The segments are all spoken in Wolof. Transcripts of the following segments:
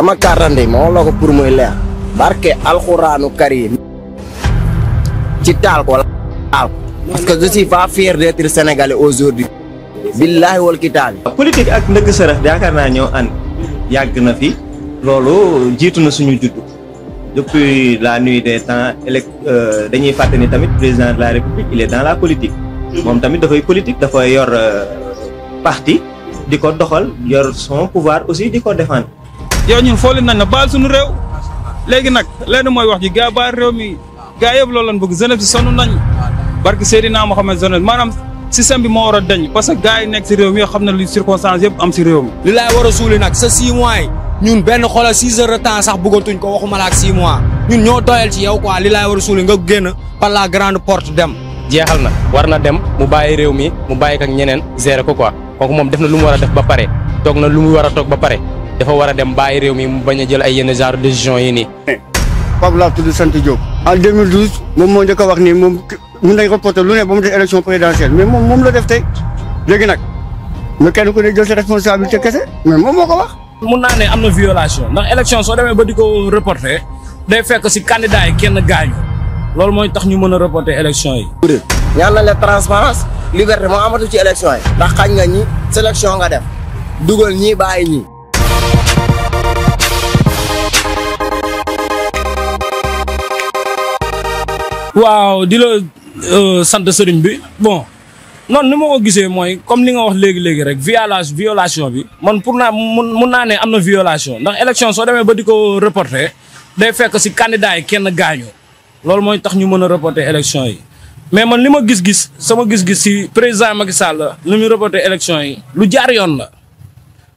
sama karan de mo lo ko pour moy leer barke alcorane karim ci dal ko parce que je suis pas fier d'être sénégalais aujourd'hui billahi wal kitab politique ak neug sarax yaakar na ñoo and yag na fi lolu jitu na suñu juddu depuis la nuit des temps euh, dañuy faté ni tamit président de la république il est dans la politique mom tamit da fay politique da fay yor euh, parti diko doxal yor son pouvoir aussi diko défendre yow ñun foole nañ na baal suñu réew léegi nag lenn mooy wax ji gaa baal réew mi gaa yëpp loolu lañ bëgg jeunesse bi sonn nañ barke Seydina Mohamed jeunesse maanaam système bi moo war a dañ parce que gaa yi nekk si réew mi yoo xam na lu circonstance yëpp am si réew mi li laay war a suuli nag sa six mois yi ñun benn xoolal six heures de temps sax bëggatuñ ko waxuma la ak mois ñun ñoo doyal ci yow quoi li laay war a suuli nga génn par la grande porte dem jeexal na war na dem mu bàyyi réew mi mu bàyyi ak ñeneen gérer ko quoi kooku moom def na lu mu war a def ba pare toog na lu mu war a toog ba pare dafa wara dem baye rew mi mu baña jël ay yene genre décision yi nii. Eh, pap la tudd sant Diop. en 2012 mom mo ñëk wax ni mom mu lay reporter lu ne bamu def élection présidentielle mais mom mom la def tay légui nak mais kenn ko ne jël sa responsabilité kessé mais mom moko wax. mu nané ne violation ndax élection so démé ba diko reporter day fekk si candidat yi kenn gañu lool moy tax ñu mëna reporter élection yi. ñaan la transparence liberté mo amatu ci élection yi ndax xañ nga ni sélection nga def dugal ñi bay ñi waaw di la euh, sant sëriñ bi bon noonu ni ma ko gisee mooy comme li nga wax léegi-léegi rek violage violation bi man pour naa mun naa ne am na violation ndax élection soo demee ba di ko reporter day fekk si candidat yi kenn gaañoo loolu mooy tax ñu mën a reporter élection yi mais man li ma gis-gis sama gis-gis si président Macky Sall li muy reporter élection yi lu jaar yoon la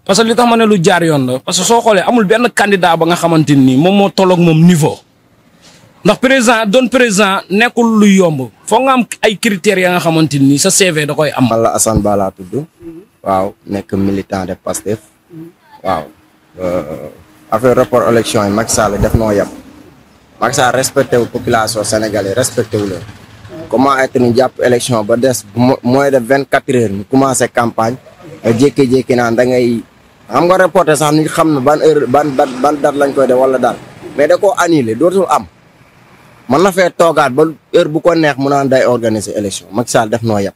parce que li tax ma ne lu jaar yoon la parce que soo xoolee amul benn candidat ba nga xamante nii moom moo tolloog moom niveau ndax président doon président nekkul lu yomb foo nga am ay critères ya nga xamante ni sa CV da koy am. man la Assane Ba tudd. waaw nekk militant de Pastef. waaw euh, affaire rapport élection yi Macky la def noo yem. Macky Sall respecté wu population sénégalaise respecté wu leen. comment être ñu jàpp élection ba des mois de vingt quatre heures ñu commencé campagne nga jékki-jékki naan da ngay xam nga reporté sax ñu xam ne ban heure ban ban date lañ koy def wala daal mais da koo annulé dootul am. man na fee toogaat ba heure bu ko neex mu naan day organiser élection Macky Sall def noo yàpp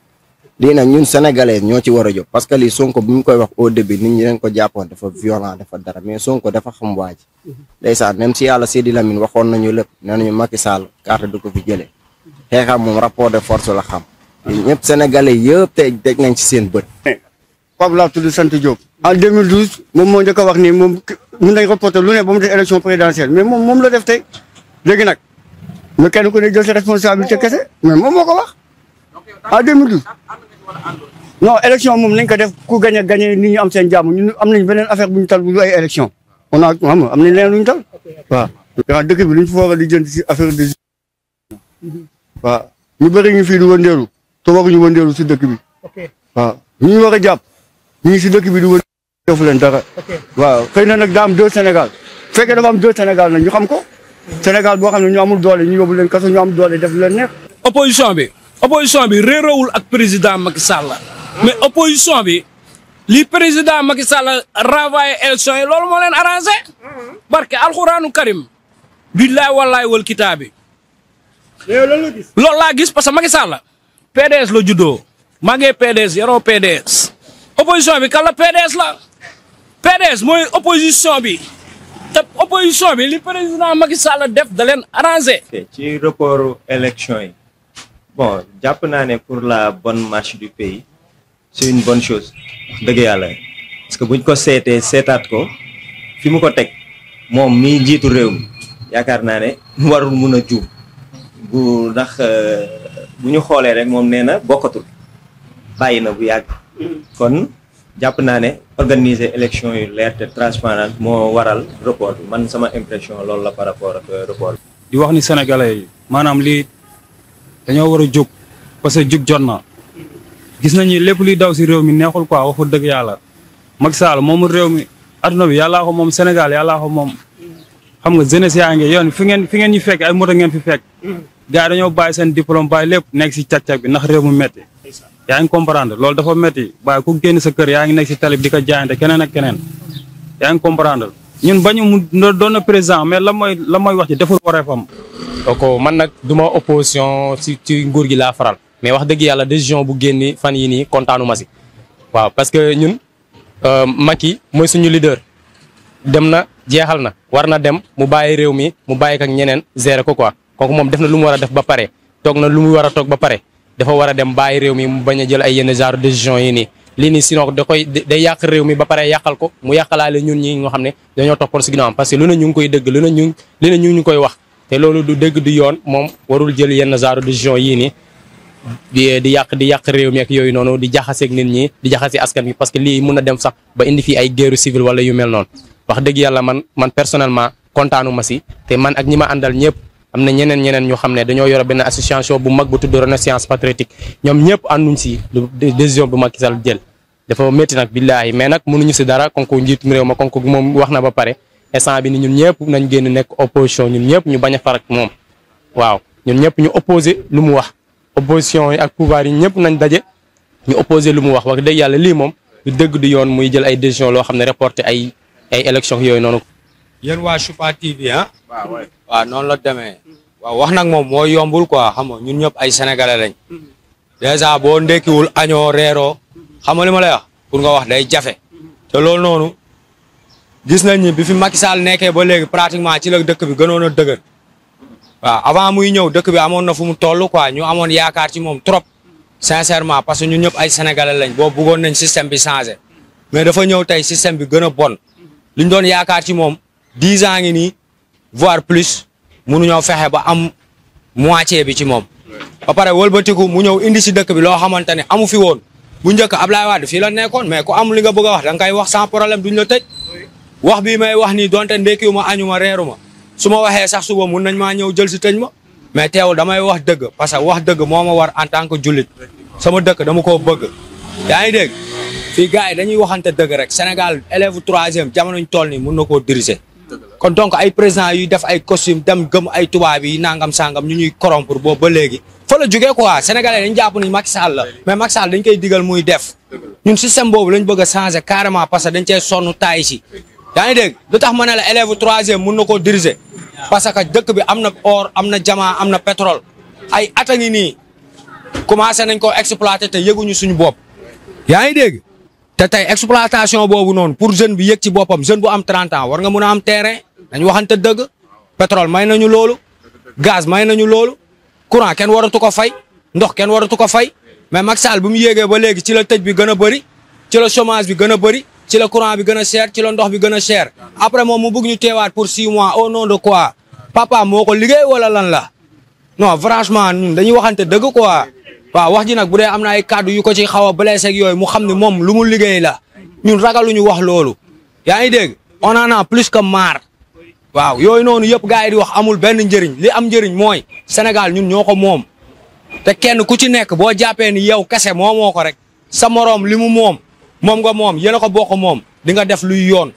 lii nag ñun sénégalais ñoo ci war a jóg parce que lii Sonko bi mu koy wax au début nit ñi dañ ko jàppoon dafa violent dafa dara mais Sonko dafa xam waa ji. ndeysaan même si yàlla Sidi Lamine waxoon nañu lépp nee nañu Macky Sall carte du ko fi jëlee xeexam moom rapport de force la xam. ñëpp sénégalais yëpp tey teg nañ ci seen bët. Pape laa tudd sant Diop. en 2012 moom moo njëkk wax ni moom mun nañ reporter lu ne moom moom la def tey léegi nag. mais kenn ku ne jël sa responsabilité oh. kese mais moom moo ko ah, a en 2012. non élection moom nañ ko def ku gagné gagné ni ñi am seen jàmm ñun am nañ beneen affaire bu ñu tal bu dul ay élection on a xam am nañ leneen lu ñu tal waaw. waaw dëkk bi lu ñu fa war a di jënd si affaire de. Mhm. waaw ñu bëri ñu fii di wëndeelu te waruñu wëndeelu si dëkk bi. waaw ñu ñu war a jàpp ñu si dëkk bi di wëndeelu defu leen dara. waa xëy na nag daa am deux Sénégal fekkee dafa am deux Sénégal nag ñu xam ko. Sénégal boo xam ne ñu amul doole ñu yóbbu leen kaso ñu am doole def leen neex. opposition bi opposition bi réeroowul ak président Macky Sall mais opposition bi li président Macky Sall renvoyé élection yi loolu moo leen arrangé. barke alxuraanu karim. billaay wallaay wal kitaabi. loolu laa gis parce que Macky Sall PDS la juddoo. maa ngi PDS yaroo PDS. bi kan la PDS la. mooy opposition bi. te opposition bi li président Macky Sall def da leen arrangé. ci report élection yi bon jàpp naa ne pour la bonne marché du pays c'est une bonne chose dëgg yàlla parce que buñ ko seetee seetaat ko fi mu ko teg moom mii jiitu réew mi yaakaar naa ne warul mun a juum bu ndax euh, bu ñu xoolee rek moom nee na bokkatul bàyyi na bu yàgg kon. jàpp naa ne organiser élection yu leer te transparent moo waral report man sama impression loolu la par rapport ak euh, report bi. di wax ni sénégalais yi maanaam lii dañoo war a jóg parce que jóg jot na gis nañu lépp luy daw si réew mi neexul quoi waxu dëgg yàlla Macky Sall moom réew mi at adduna bi yàllaa ko moom Sénégal yàllaa ko moom xam nga jeunesse yaa ngi yoon fi ngeen fi ngeen ñi fekk ay moto ngeen fi fekk. Mm. gars yi dañoo bàyyi seen diplôme bàyyi lépp nekk si càq bi ndax réew mu métti. yaa ngi comprendre loolu dafa métti waaye ku génn sa kër yaa ngi nekk si talib di ko jaayante keneen ak keneen yaa ngi comprendre ñun bañu mu doon na président mais la mooy la mooy wax ci deful wareefam. donc euh, man nag du ma opposition ci ci nguur gi laa faral mais wax dëgg yàlla décision bu génni fan yi nii kontaanu ma si waaw parce que ñun euh, mooy suñu leader dem na jeexal na war na dem mu bàyyi réew mi mu bàyyi ak ñeneen gérer ko quoi kooku moom def na lu mu war a def ba pare toog na lu mu war a toog ba pare. dafa war a dem bàyyi réew mi mu bañ a jël ay yenn genre décision yi ni lii nii sinon da koy day yàq réew mi ba pare yàqal ko mu yàqalaale ñun ñi nga xam ne dañoo toppoon si ginnaawam parce que lu ne ñu koy dëgg lu ne ñu lu ne ñu ngi koy wax te loolu du dëgg du yoon moom warul jël yenn genre décision yii nii di di yàq di yàq réew mi yooyu noonu di jaxaseeg nit ñi di jaxase askan bi parce que lii mun na dem sax ba indi fii ay guerre civile wala yu mel noonu wax dëgg yàlla man man personnellement kontaanu si te man ak ñi ma àndal ñëpp am na ñeneen ñeneen ñu xam ne dañoo yore benn association bu mag bu tudd renaissance patriotique ñoom ñëpp ànduñ si décision bu Macky Sall jël dafa métti nag billaahi mais nag mënuñu si dara kon ko njiitum réew ma moom wax na ba pare instant bi ni ñun ñëpp nañ génn nekk opposition ñun ñëpp ñu bañ a farak moom waaw ñun ñëpp ñu opposé lu mu wax opposition yi ak pouvoir yi ñëpp nañ daje ñu opposé lu mu wax wax dëgg yàlla lii moom du dëgg du yoon muy jël ay décision loo xam ne reporté ay ay élection yooyu noonu yéen waa Chupa TV ah. waaw waaw noonu la demee. waaw wax nag moom moo yombul quoi xam ñun ñëpp ay sénégalais lañ. dèjà boo ndekkiwul añoo reeroo. xam nga li ma lay wax pour nga wax day jafe. te loolu noonu gis nañ ni bi fi Macky Sall nekkee ba léegi pratiquement ci la dëkk bi gënoon a dëgër. waaw avant muy ñëw dëkk bi amoon na fu mu toll quoi ñu amoon yaakaar ci moom trop. sincèrement parce que ñun ñëpp ay sénégalais lañ boo bëggoon nañ système bi changé. mais dafa ñëw tey système bi gën a bon. liñ doon yaakaar 10 ans ni voire plus ñoo fexé ba am moitié bi ci mom ba paré wolbeutiku mu ñëw indi ci dëkk bi lo amu fi woon bu ñëk ablay wad fi la nekkon mais ko am li nga bëgg wax da ngay wax sans problème duñ la tej wax bi may wax ni donte ndekkiwu ma añu ma reeru ma ma sax suba mun nañ ma ñëw jël ci tejma ma mais teewul damay wax dëgg parce que wax dëgg moma war en tant que julit sama dëkk dama ko bëgg. yaay dégg fii dañuy waxante dëgg rek Sénégal élève 3e jamono ñu toll ni mun diriger. kon donc ay président yuy def ay costume dem gëm ay tubaab yi nangam sangam ñu ñuy corrompre boobu ba léegi fa la ko quoi sénégalais dañ jàpp ni Macky Sall la mais Macky Sall dañ koy digal muy def ñun système boobu lañ bëgg a changer carrément parce que dañ cee sonn taay si yaa ngi dégg lu tax ma ne la élève troisième mun na koo diriger parce que dëkk bi am na or am na jamaa am na pétrole ay at a nii commencé nañ ko exploiter te yëguñu suñu bopp yaa te tey exploitation boobu noonu pour jeune bi yëg ci boppam jeune bu am 30 ans nga mun a am terrain dañu waxante dëgg pétrole may nañu loolu gaz may nañu loolu courant kenn waratu ko fay ndox kenn waratu ko fay mais Macky Sall bu mu yéegee ba léegi ci la tëj bi gën a bëri ci la chômage bi gën a bëri ci la courant bi gën a cher ci ndox bi gën a cher après moom mu bëgg ñu teewaat pour six mois au nom de quoi papa moo ko liggéey wala lan la non franchement ñun dañuy dëgg quoi. waaw wax ji nag bu dee am na ay kàddu yu ko ci xaw a blessé ak yooyu mu xam ne moom lu mu liggéey la ñun ragaluñu wax loolu yaa ngi dégg on en a plus que marre waaw yooyu noonu yëpp gars yi di wax amul benn njëriñ li am njëriñ mooy Sénégal ñun ñoo ko moom te kenn ku ci nekk boo jàppee ni yow kese moo ko rek sa moroom li mu moom moom nga moom ko boo ko moom di nga def luy yoon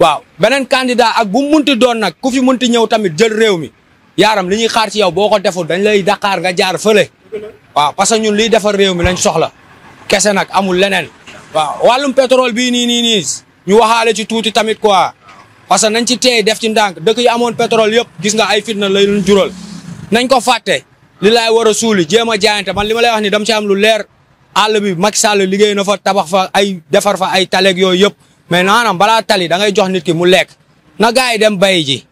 waaw beneen candidat ak bu munti doon nag ku fi munti ñëw tamit jël réew mi yaaram li ñuy xaar ci yow boo ko deful dañ lay daqaar nga jaar fële waaw parce que ñun liy defar réew mi lañ soxla kese nag amul leneen waaw wàllum pétrole bii nii nii nii ñu waxaale ci tuuti tamit quoi parce que nañ ci teey def ci ndànk dëkk yi amoon pétrole yëpp gis nga ay fitna lay luñ nañ ko fàtte li laay war a suuli jéem a jaayante man li ma lay wax ni dama ci am lu leer àll bi Macky Sall liggéey na fa tabax fa ay defar fa ay taleeg yooyu yëpp mais naanaam balaa tali da ngay jox nit ki mu lekk na gars yi dem bay ji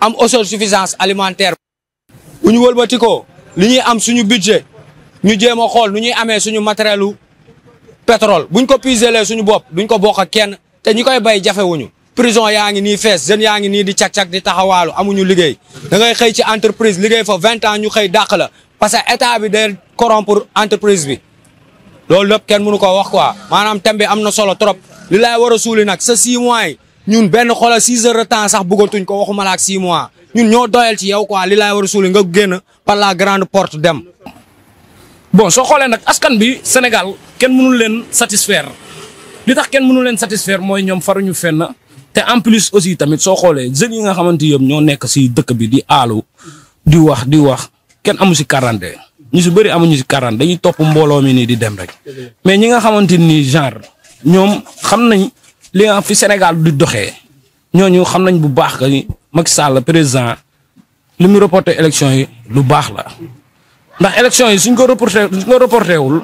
am autosuffisance alimentaire bu ñu wëlbatikoo li ñuy am suñu budget ñu jéem a xool nu ñuy amee suñu matérielu pétrole buñ ko puiselee suñu bopp duñ ko bokk ak kenn te ñu koy bay jafewuñu prison yaa ngi nii fees jeunes yaa ngi nii di cag-cag di taxawaalu amuñu liggéey da ngay xëy ci entreprise liggéey fa vingt ans ñu xëy dàq la parce que état bi day corrompre entreprise bi loolu lépp kenn mënu ko wax quoi maanaam thème bi am na solo trop li laay war a suuli nag sa six mois yi ñun benn xoolal six heures de temps sax bëggatuñ ko waxu la ak six mois ñun ñoo doyal ci yow quoi lillahi wa war nga genn par la grande porte dem. bon so xolé nak askan bi Sénégal kenn mënul len satisfaire li tax kenn mënul len satisfaire mooy ñoom faruñu fenn te en plus aussi tamit so xolé jeunes yi nga xamanteni yëpp ñoo nekk ci dëkk bi di alu di wax di wax kenn amu ci 40 ñu si bëri ñu ci 40 dañuy top mbolo mi ni di dem rek mais ñi nga xamanteni ni genre ñom xamnañ li nga fi Sénégal du doxé ñooñu xam bu baax Macky Sall président li mu reporté élection yi lu bax la ndax élection yi suñ ko reporté suñ ko reporté wul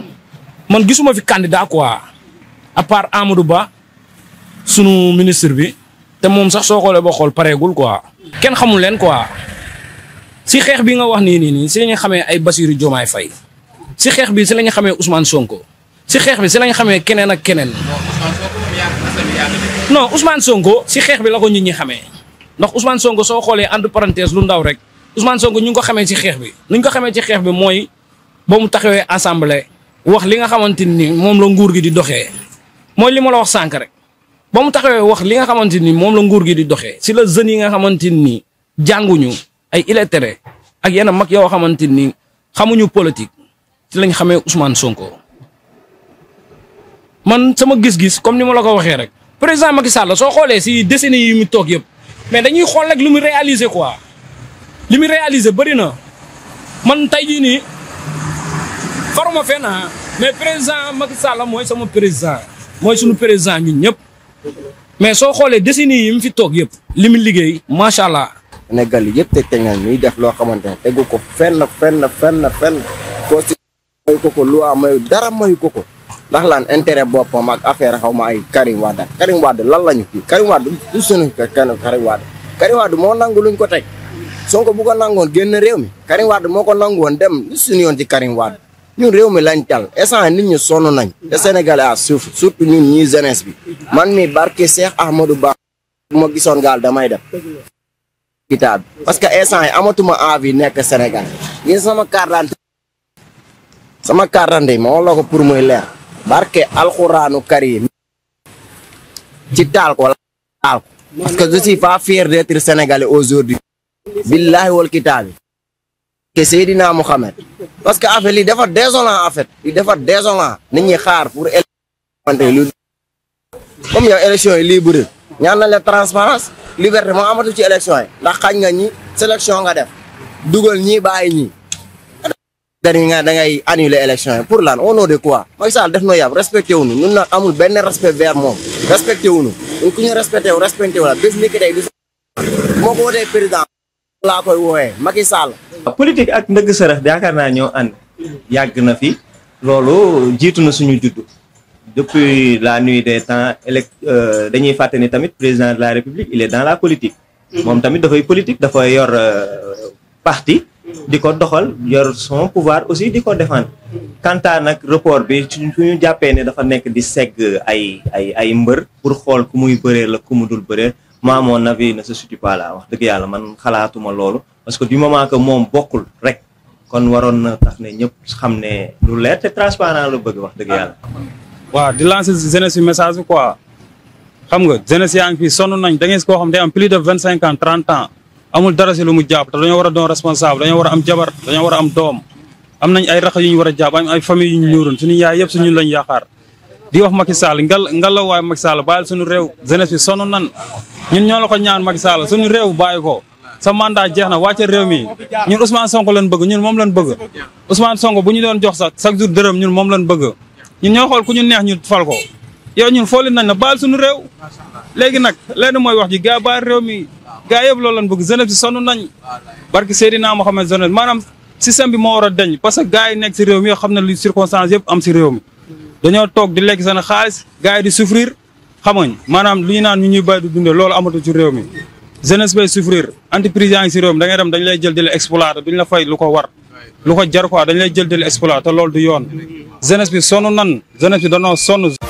man gisuma fi candidat quoi à part Amadou Ba sunu ministre bi té mom sax soo xoolee ba paré gul quoi. kenn xamul quoi si xeex bi nga wax ni ni ni si lañu xamé ay Bassirou Diomaye Faye si xeex bi si lañu xamé Ousmane Sonko si xeex bi si lañu xamé kenen ak kenen non Ousmane Sonko si xeex bi la ko nit ñi xamé ndax Ousmane Sonko so xolé and parenthèse lu ndaw rek Ousmane Sonko ñu ko xamé ci xex bi ñu ko xamé ci xex bi moy bo mu taxawé assemblée wax li nga xamanteni ni moom la nguur gi di doxé moy li mo la wax sank rek bo mu taxawé wax li nga xamanteni ni la nguur gi di doxé ci le jeune yi nga xamanteni ni ay illettré ak yena mak yo xamanteni xamuñu politique ci lañ xamé Ousmane Sonko man sama gis-gis comme ni mo la ko waxé rek président Macky Sall so xolé si décennie yi mu tok yépp mais dañuy xool rek lu mu réaliser quoi li mu réaliser bëri na man tey jii nii faruma fenn ah. mais président Macky Sall mooy sama président mooy suñu président ñun ñëpp mais soo xoolee décennies yi mu fi toog yëpp li mu liggéey macha allah. Sénégal yëpp te teñal ñuy def loo xamante ne tegu ko fenn fenn fenn fenn constitution mayu ko ko loi mayu dara mayu ko ko. ndax lan intérêt boppam ak affaire xawma ay Karim Wade Karim Wade lan lañu fi Karim Wade du sunu kan Karim Wade Karim Wade mo nangul luñ ko tek Sonko bu ko nangon genn rew mi Karim Wade ko dem sunu yon ci Karim Wade ñun rew mi lañ tal essence nit ñi sonu nañ le sénégalais à suuf surtout ñun ñi jeunesse bi man mi barké Cheikh Ahmadou Ba mo gison gal damay def kitab parce que essence amatuma avi nek Sénégal ñi sama carte sama carte d'identité ma wala ko pour moy barke alxuraanu karim ci taal ko taal ko parce que je suis pas fier d'être sénégalais aujourd'hui billahi wal kitaabi ke Seydina Mohamed parce que affaire li defa désolant en fait li dafa désolant nit ñi xaar pour élection lu comme yow élection yi libre ñaan na la transparence liberté moo amatu ci élection yi ndax xañ nga ñi sélection nga def dugal ñi bàyyi ñi dañuy nga da ngay annuler élection yi pour lan au nom de quoi Macky Sall def na yàpp respecté wuñu ñun nag amul benn respect vers moom respecté wuñu ñun ku ñu respecté wu respecté wu la bés ni ki tey du moo ko wootee président laa koy woowee Macky Sall politique ak ndëgg sërëx yaakaar naa ñoo ànd yàgg na fi loolu jiitu na suñu juddu depuis la nuit des temps élect euh, dañuy fàtte ni tamit président de la république il est dans la politique mm-hmm. moom tamit dafay politique dafa yor euh, parti di ko doxal yor son pouvoir aussi di ko défendre quant à nag report bi suñu jàppee ne dafa nekk di segg ay ay ay mbër pour xool ku muy bëree la ku mu dul bëree moi mon na ne se situe pas là wax dëgg yàlla man xalaatuma loolu parce que du moment que moom bokkul rek kon waroon na tax ne ñëpp xam ne lu leer te transparent la bëgg wax dëgg yàlla waaw di lancer jeunesse bi message bi xam nga jeunesse yaa ngi fii sonn nañ da ngeen koo xam day am plus de vingt cinq amul dara si lu mu jàpp te dañoo war a doon responsable dañoo war a am jabar dañoo war a am doom am nañ ay rax yu ñu war a jàpp am ay famille yu ñu ñuuroon suñu yaay yëpp suñu lañ yaakaar di wax Macky Sall ngal ngalaw waay Macky Sall réew jeunesse bi nan ñun ñoo la ko ñaan Macky Sall réew bàyyi ko sa mandat jeex na wàcce réew mi ñun Ousmane Sonko lañ bëgg ñun moom lañ bëgg Ousmane Sonko bu ñu doon jox sa chaque jour dërëm ñun moom lañ bëgg ñun ñoo xool ku ñu neex ñu fal ko ñun na baal suñu réew léegi nag leen mooy wax ji gaa baal réew mi gaa yëpp loolu lañ bëgg jeunesse bi sonn nañ barki Seydina Mohamed jeunesse maanaam système bi moo war a dañ parce que nekk si réew mi yoo xam ne lu circonstance yëpp am si réew mi dañoo toog di lekk seen xaalis gaa di souffrir xamañ maanaam lu ñu naan ñu ñuy bay du dundee loolu amatu ci réew mi jeunesse bay souffrir entreprise yaa ngi si réew mi da ngay dem dañ lay jël di la exploiter duñ la fay lu ko war lu ko jar quoi lay jël di la exploiter te loolu du yoon jeunesse bi sonn